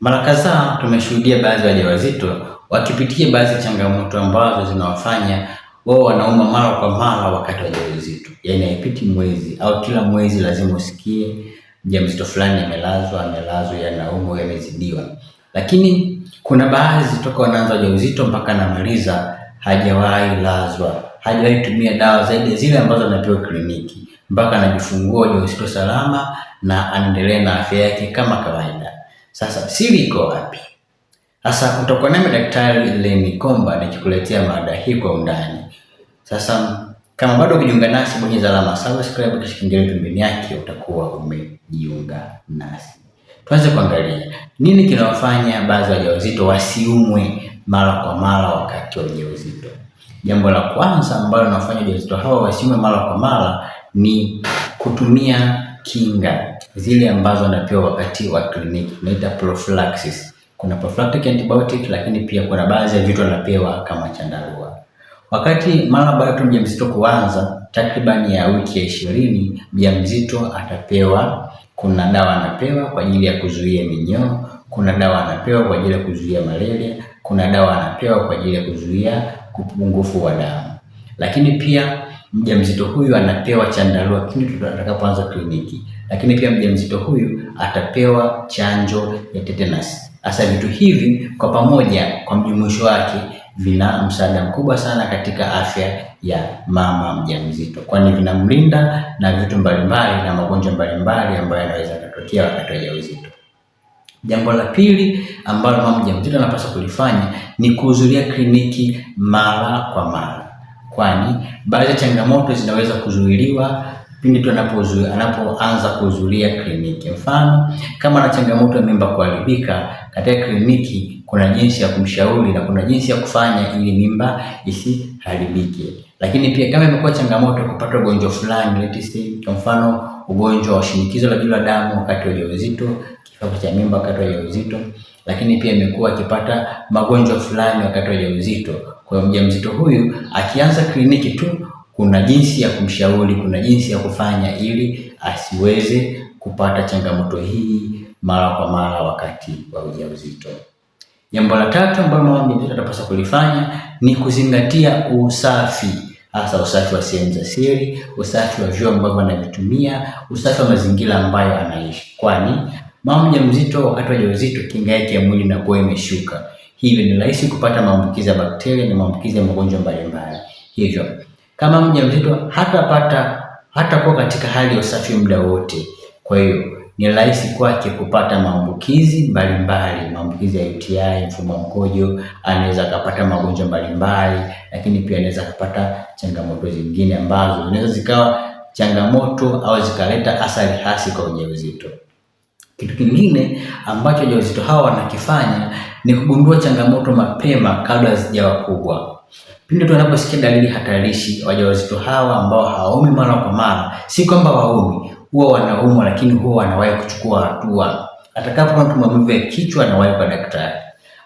Mara kadhaa tumeshuhudia baadhi ya wajawazito wakipitia baadhi ya changamoto ambazo zinawafanya wao wanauma mara kwa mara wakati wa ujauzito, yaani haipiti mwezi au kila mwezi lazima usikie mjamzito fulani amelazwa, amelazwa, yanaumwa, yamezidiwa. Lakini kuna baadhi toka wanaanza ujauzito mpaka anamaliza hajawahi lazwa, hajawahi tumia dawa zaidi zile ambazo anapewa kliniki, mpaka anajifungua ujauzito salama na anaendelea na afya yake kama kawaida. Sasa siri iko wapi? Sasa utakuwa nami Daktari Lenny Komba nikikuletea mada hii kwa undani. Sasa kama bado kujiunga nasi, bonyeza alama subscribe kisha kengele pembeni yake, utakuwa umejiunga nasi. Tuanze kuangalia nini kinawafanya baadhi ya wajawazito wasiumwe mara kwa mara wakati wa ujauzito. Jambo la kwanza ambalo linawafanya wajawazito hawa wasiumwe mara kwa mara ni kutumia kinga zile ambazo anapewa wakati wa kliniki, tunaita prophylaxis. Kuna prophylactic antibiotic, lakini pia kuna baadhi ya vitu anapewa kama chandarua. Wakati mara baada ya mjamzito kuanza, takriban ya wiki ya ishirini, mjamzito atapewa, kuna dawa anapewa kwa ajili ya kuzuia minyoo, kuna dawa anapewa kwa ajili ya kuzuia malaria, kuna dawa anapewa kwa ajili ya kuzuia upungufu wa damu, lakini pia mjamzito huyu anapewa chandarua pindi tutakapoanza kliniki, lakini pia mjamzito huyu atapewa chanjo ya tetanus. Hasa vitu hivi kwa pamoja, kwa mjumuisho wake, vina msaada mkubwa sana katika afya ya mama mjamzito, kwani vinamlinda na vitu mbalimbali na magonjwa mbalimbali ambayo yanaweza kutokea wakati wa ujauzito. Jambo la pili ambalo mama mjamzito anapaswa kulifanya ni kuhudhuria kliniki mara kwa mara kwani baadhi ya changamoto zinaweza kuzuiliwa pindi tu anapoanza kuhudhuria kliniki. Mfano, kama ana changamoto ya mimba kuharibika, katika kliniki kuna jinsi ya kumshauri na kuna jinsi ya kufanya ili mimba isiharibike. Lakini pia kama imekuwa changamoto kupata ugonjwa fulani, let's say kwa mfano ugonjwa wa shinikizo la juu la damu wakati wa ujauzito, kifafa cha mimba wakati wa ujauzito, lakini pia imekuwa akipata magonjwa fulani wakati wa ujauzito kwa hiyo mjamzito huyu akianza kliniki tu, kuna jinsi ya kumshauri, kuna jinsi ya kufanya ili asiweze kupata changamoto hii mara kwa mara wakati wa ujauzito. Jambo la tatu ambalo mama mjamzito atapaswa kulifanya ni kuzingatia usafi hasa usafi wa sehemu za siri, usafi wa vyoo ambavyo anavitumia, usafi wa mazingira ambayo anaishi, kwani mama mjamzito wakati wa ujauzito kinga yake ya mwili inakuwa imeshuka. Hivyo ni rahisi kupata maambukizi ya bakteria na maambukizi ya magonjwa mbalimbali. Hivyo kama mjamzito hatapata hatakuwa katika hali ya usafi muda wote, kwa hiyo ni rahisi kwake kupata maambukizi mbalimbali, maambukizi ya UTI, mfumo wa mkojo, anaweza akapata magonjwa mbalimbali, lakini pia anaweza akapata changamoto zingine ambazo zinaweza zikawa changamoto au zikaleta athari hasi kwa ujauzito. Kitu kingine ambacho wajawazito hawa wanakifanya ni kugundua changamoto mapema kabla hazijawa kubwa. Pindi tu wanaposikia dalili hatarishi, wajawazito hawa ambao hawaumi mara kwa mara, si kwamba waumi, huwa wanaumwa, lakini huwa wanawahi kuchukua hatua. Atakapoona tu maumivu ya kichwa, anawahi kwa daktari.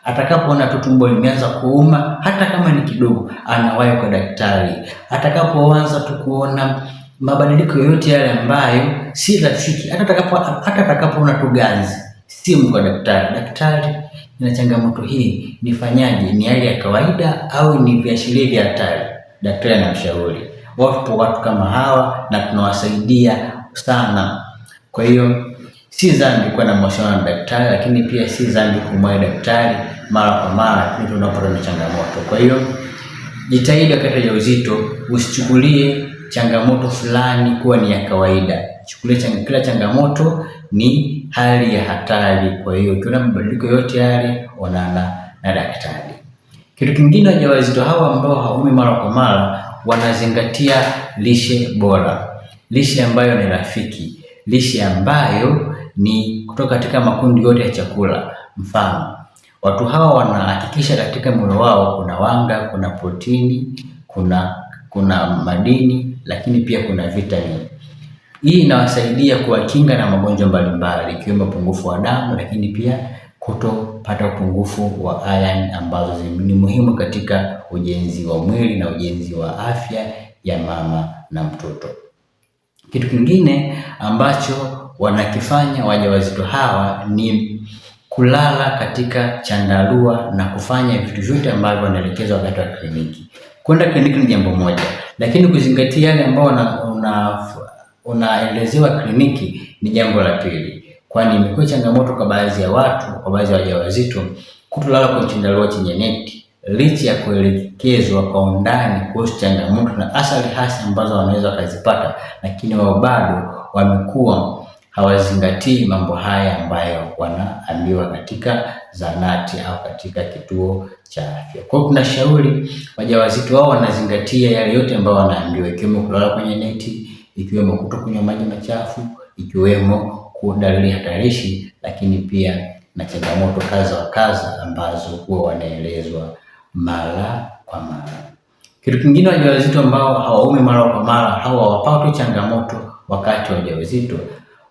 Atakapoona tu tumbo limeanza kuuma, hata kama ni kidogo, anawahi kwa daktari. Atakapoanza tu kuona mabadiliko yoyote yale ambayo si rafiki, hata atakapo hata atakapoona tu ganzi, simu kwa daktari. Daktari, nina changamoto hii, nifanyaje? Ni hali ya kawaida au ni viashiria vya hatari? Daktari anamshauri. Wapo watu kama hawa na tunawasaidia sana. Kwa hiyo si dhambi kuwa na mawasiliano na daktari, lakini pia si dhambi kumwahi daktari mara kwa mara tunapopata changamoto. Kwa hiyo jitahidi wakati ya uzito usichukulie changamoto fulani kuwa ni ya kawaida. Chukulia kila changamoto ni hali ya hatari. Kwa hiyo ukiona mabadiliko yote yale, onana na daktari. Kitu kingine, wajawazito hawa ambao haumi mara kwa mara wanazingatia lishe bora, lishe ambayo ni rafiki, lishe ambayo ni kutoka katika makundi yote ya chakula. Mfano, watu hawa wanahakikisha katika mlo wao kuna wanga, kuna protini, kuna kuna madini lakini pia kuna vitamini. Hii inawasaidia kuwakinga na magonjwa mbalimbali ikiwemo upungufu wa damu, lakini pia kutopata upungufu wa iron ambazo ni muhimu katika ujenzi wa mwili na ujenzi wa afya ya mama na mtoto. Kitu kingine ambacho wanakifanya wajawazito hawa ni kulala katika chandarua na kufanya vitu vyote ambavyo wanaelekezwa wakati wa kliniki. Kwenda kliniki ni jambo moja, lakini kuzingatia yale ambao unaelezewa una, una kliniki ni jambo la pili, kwani imekuwa changamoto kwa baadhi ya watu, kwa baadhi ya wajawazito kutolala kwenye chandarua chenye neti licha ya kuelekezwa kwa undani kuhusu changamoto na athari hasi ambazo wanaweza wakazipata, lakini wao bado wamekuwa hawazingatii mambo haya ambayo wanaambiwa katika zahanati au katika kituo cha afya. Kwa hiyo tunashauri wajawazito wao wanazingatia yale yote ambayo wanaambiwa, ikiwemo kulala kwenye neti, ikiwemo kutokunywa maji machafu, ikiwemo dalili hatarishi, lakini pia na changamoto kadha wa kadha ambazo huwa wanaelezwa mara kwa mara. Kitu kingine, wajawazito ambao hawaumi mara kwa mara hawa wapatwe changamoto wakati wa ujauzito.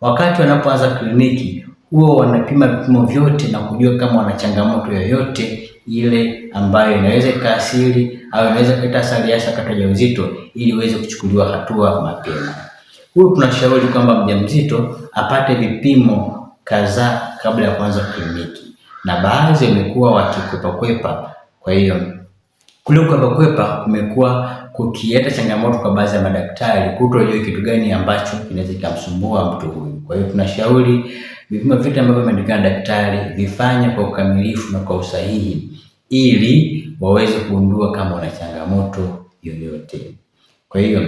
Wakati wanapoanza kliniki huwa wanapima vipimo vyote na kujua kama wana changamoto yoyote ile ambayo inaweza ikaathiri au inaweza kuleta athari hasa katika ujauzito, ili uweze kuchukuliwa hatua mapema. Huyu tunashauri kwamba mjamzito apate vipimo kadhaa kabla ya kuanza kliniki, na baadhi wamekuwa wakikwepakwepa. Kwa hiyo kule kukwepakwepa kumekuwa kukileta changamoto kwa baadhi ya madaktari, kutojua kitu gani ambacho kinaweza kikamsumbua mtu huyu. Kwa hiyo tunashauri vipimo vyote ambavyo ameandikana daktari vifanya kwa ukamilifu na kwa usahihi, ili waweze kugundua kama una changamoto yoyote. Kwa hiyo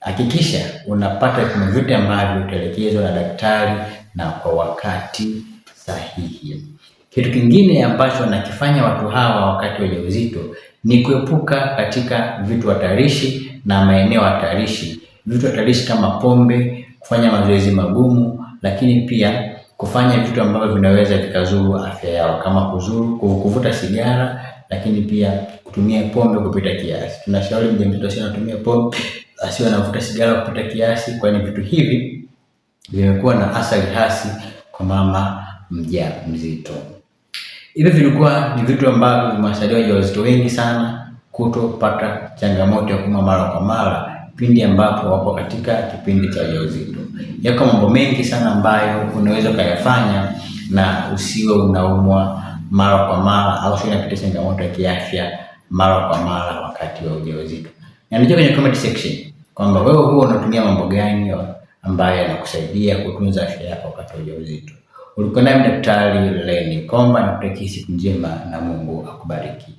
hakikisha unapata vipimo vyote ambavyo utaelekezwa na daktari na kwa wakati sahihi. Kitu kingine ambacho wanakifanya watu hawa wakati wa ujauzito ni kuepuka katika vitu hatarishi na maeneo hatarishi. Vitu hatarishi kama pombe, kufanya mazoezi magumu, lakini pia kufanya vitu ambavyo vinaweza vikazuru afya yao kama kuzuru, kuvuta sigara, lakini pia kutumia pombe kupita kiasi. Tunashauri mjamzito asiwe anatumia pombe, asiwe anavuta sigara kupita kiasi, kwani vitu hivi vimekuwa na athari hasi kwa mama mjamzito. Hivi vilikuwa ni vitu ambavyo vimewasaidia wajawazito wengi sana kutopata changamoto ya kuumwa mara kwa mara pindi ambapo wapo katika kipindi cha ujauzito. Yako mambo mengi sana ambayo unaweza ukayafanya na usiwe unaumwa mara kwa mara au usiwe unapitia changamoto ya kiafya mara kwa mara wakati wa ujauzito. Niandikia kwenye comment section kwamba wewe huwa unatumia mambo gani ambayo yanakusaidia kutunza afya yako wakati wa ujauzito. Ulikuwa naye Daktari Lenny Komba, nakutakia siku njema na Mungu akubariki.